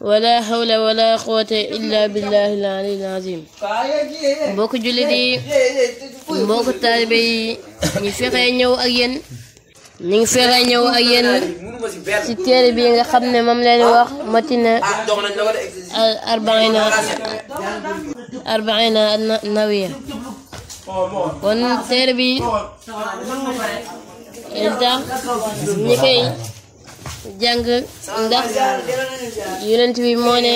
wala hawla wala quwwata illa billahi al-aliyyil azim mbokk jullit yi mbokk taalibe yi ñu fexe ñëw ak yéen ñu ngi fexe ñëw ak yéen ci téere bi nga xam ne moom leen wax matina al arbaina arbaina nawiya kon téere bi tax ñi koy jàng ndax yonent bi moo ne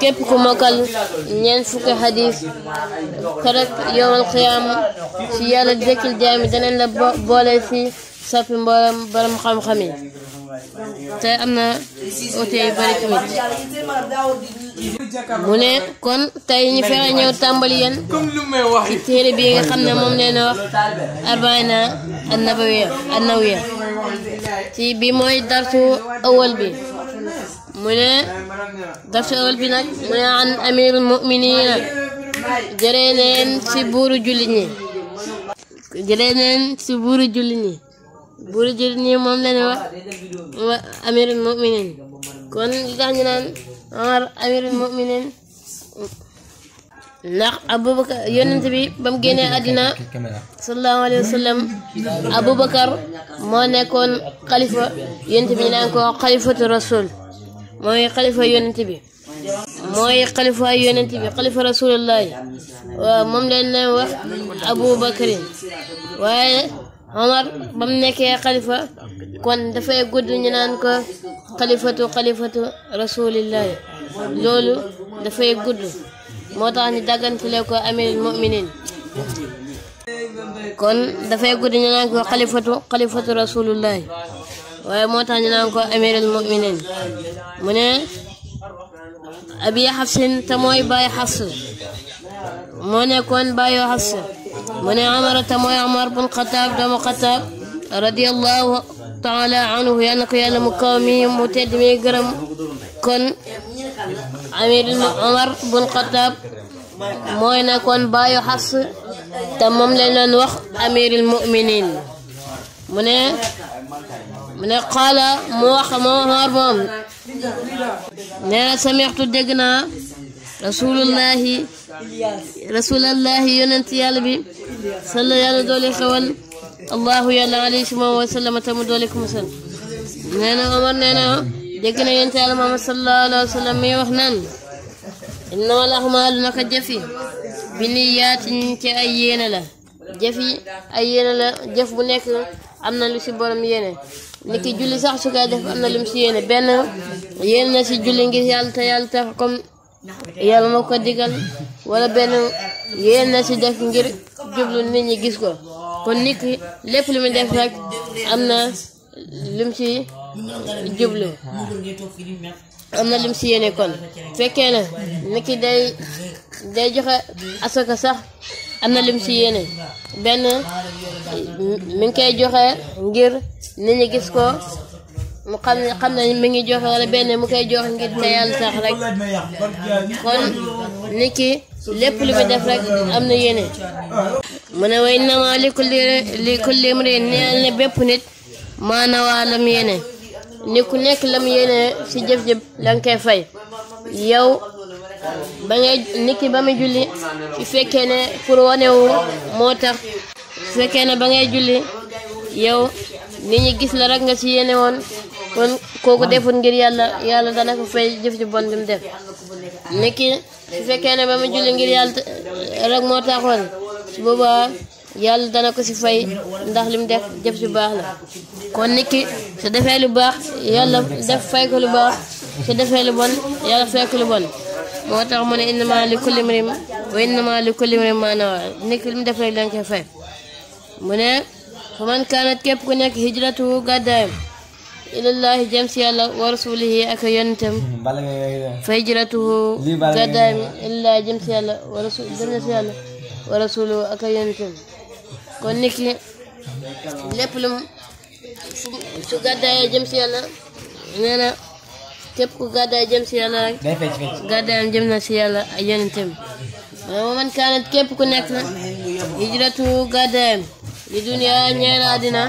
képp ku mokkal ñeent fukki xadis keroog yowmal xiyaam ci yàlla dëkkil jaami danañ la boole si soppi mboolam borom xam-xam yi te am na oto yu mu ne kon te ñu fexe ñëw tàmbali bi nga xam ne moom leen wax arbaina annabawiya annawiya ci bi mooy darsu awal bi mu ne darsu awal bi nag mu ne an amirul muminina jëree neen ci buuru jullit ñi jëree neen ci buuru jullit ñi buuru moom la ñu wax amirul muminin kon li tax ñu naan ndax aboubacar yonent bi ba mu génnee àddina sallallahu alayhi wa sallam aboubacar moo nekkoon xalifa yonent bi ñu naan ko xalifatu rasul mooy xalifa yonent bi mooy xalifa yonent bi xalifa moom leen na wax aboubacarin waaye omar ba mu nekkee xalifa kon dafay gudd ñu naan ko xalifatu xalifatu rasulillah loolu dafay gudd moo tax ñu daggantule ko amirul muminin kon dafay guddi ñu naan ko xalifatu xalifatu rasulullahi waaye moo tax ñu naan ko mu ne abi xafsin te mooy baay xafs moo nekkoon baayu xafs mu ne amara te amar bun xataab doomu xataab radiyallahu taala anhu yal na ko yàlla mu mu tedd mi kon amir Omar bun Xataab mooy na kon baayu xas te moom lañ doon wax amirul muminin mu ne moo xaar moom nee na samextu dégg naa rasulullahi rasulullahi yonent bi salla yàlla doole xewal allahu yàlla alayhi suma wa sallama tamu dooleku musal nee na Omar nee na dégg na yonent Yàlla Muhammad sallallahu alayhi wa sallam mi wax naan innamal a'maalu naka jëfi bi niyaatin ci ay yéene la jëfi ay yéene la jëf bu nekk am na lu ci borom yéene niki julli sax su koy def am na lum si yéene benn yéene si julli ngir yàlla te yàlla tax comme ko digal wala benn yéene na si def ngir jublu nit ñi gis ko kon nit ki lépp lu muy def rek am na lim ci jublu am na lim ci yéene kon fekkee na nit ki day day joxe asaka sax am na lim ci yéene benn mi ngi koy joxe ngir nit ñi gis ko mu xam ne xam ne mi ngi joxe wala benn mu koy joxe ngir te yàlla sax rek kon nit lépp li ma def rek am na yéene mu ne way nama li kulli li kulli neel ne bépp nit maanawaa lam yéene ni ku nekk lam yéene si jëf-jëf la nga koy fay yow ba ngay niki ba muy julli su fekkee ne pour wanewu moo tax su fekkee ne ba ngay julli yow nit ñi gis la rek nga si yéene woon kon kooku defut ngir yàlla yàlla dana ko fay jëf ji bon def niki su fekkee ne ba mu julli ngir yàlla rek moo taxoon si booba yàlla dana ko si fay ndax li mu def jëf si baax la kon nit ki su defee lu baax yàlla def fay ko lu baax su defee lu bon yàlla fay ko lu bon moo tax mu ne innama li kulli mrim wa innama li kulli mrim maa nawaa nit ki li mu def rek lañ koy fay mu ne fa man kaanat képp ku nekk hijratu gàddaayam ilallahi jëm yàlla wa rasulihi ak yonentam fa hijratuhu gàddaami ilallahi jëm yàlla wa rasul jëm si kon nit ki lépp lu su gàddaayee jëm yàlla nee na képp ku gàddaay jëm yàlla gàddaayam jëm yàlla ak yonentam wa man kaanat képp nekk hijratuhu gàddaayam li duniyaa ñeel àddina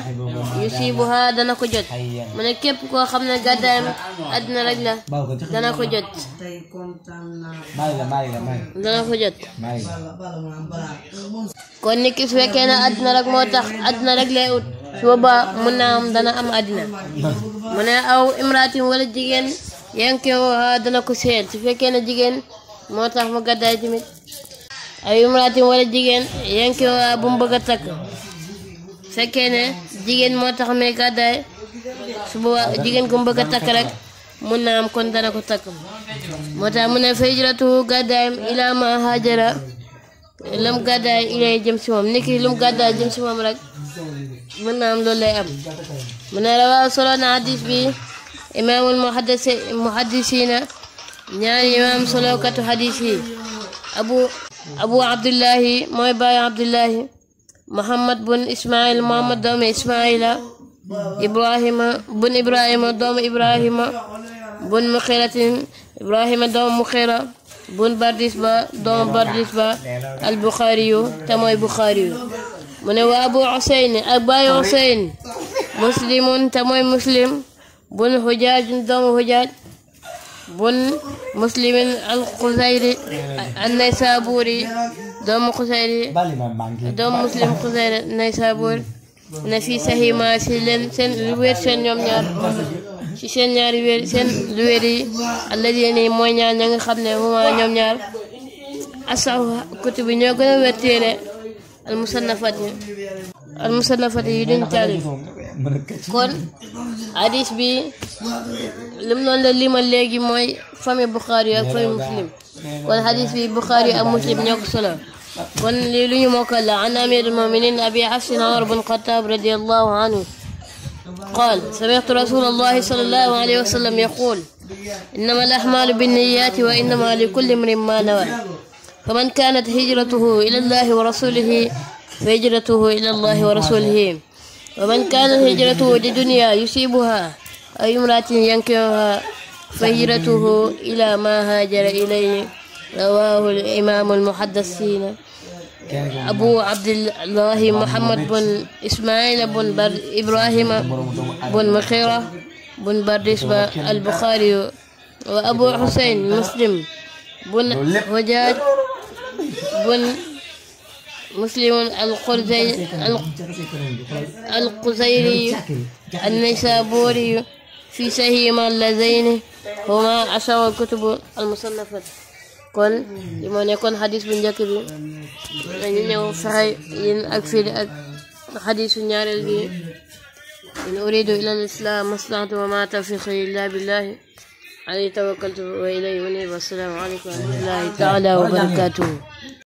yu siibuha dana ko jot mu ne képp koo xam ne gàddaayam àddina rek dana ko jot dana ko kon nit ki su fekkee ne àddina rek moo tax àddina rek lay ut su boobaa am dana am àddina mu aw imraatin wala jigéen yankewooha dana ko seet su fekkee ne jigéen moo tax mu gàddaay tamit aw imraatin wala jigéen yankewooha bu a takk fekkee ne jigéen moo tax may gàddaay su boobaa jigéen ko bëgg a takk rek mun na am kon dana ko takk moo tax mu na fa hijratu gàddaayam ilaa ma haajara lam gàddaay ilay jëm si moom niki lum gàddaay jëm si moom rek mun naa am loolu lay am mu ne rawaa solo na hadis bi imaamul muhaddisiina ñaari imaam solokatu hadis yi abu abu abdullahi mooy baayu abdullahi muhammad bun ismail muhammad doomu ismaila ibrahima bun ibrahima doomu ibrahima bun muxiratin ibrahima doomu muxira bun bardisba doomu bardisba al buxaariyu te mooy buxaariyu mu ne waa abu xuseyn ak baayu xuseyn muslimun te mooy muslim bun xujaaj doomu xujaaj bun muslimin al xuzayri an naysaburi doomu Xusayri doomu Muslim Xusayri Naysaabuur na fi saxiima si leen seen lu wér seen ñoom ñaar ci seen ñaari wér seen lu wér yi alladina mooy ñaar ña nga xam ne huma ñoom ñaar asaxu kutub bi ñoo gën a wér téere almusannafat yi almusannafat yi duñ taalif kon hadis bi lim noonu la limal léegi mooy famille Bukhari ak famille Muslim kon xadis bi Bukhari ak Muslim ñoo ko solo kon lii lu ñu mokkal la an amir almuminin abi xafsin Umar bin Xataab radiyallahu anhu qaal sami'tu rasul allahi sallallahu alayhi wa sallam yaqul innama al ahmalu binniyaati wa innama li kulli imrin ma nawa faman kanat hijratuhu ila allahi wa rasulihi fa hijratuhu ila allahi wa rasulihi wa man kanat hijratuhu li dunya yusibuha أي امرأة ينكرها فهجرته إلى ما هاجر إليه رواه الإمام المحدثين أبو عبد الله محمد بن إسماعيل بن بر إبراهيم بن مخيرة بن بردسبة البخاري وأبو حسين مسلم بن حجاج بن مسلم القزيري النيسابوري في صحيحهما اللذين هما عشر الكتب المصنفة kon li moo nekkoon xadis bu njëkk bi dañu ñëw fexe yéen ak firi ak xadisu ñaareel bi in uridu ila al-islam mastata'tu wa ma tawfiqi illa billahi alayhi tawakkaltu wa ilayhi unib wassalaamu alaykum wa rahmatullahi taala wa barakatuhu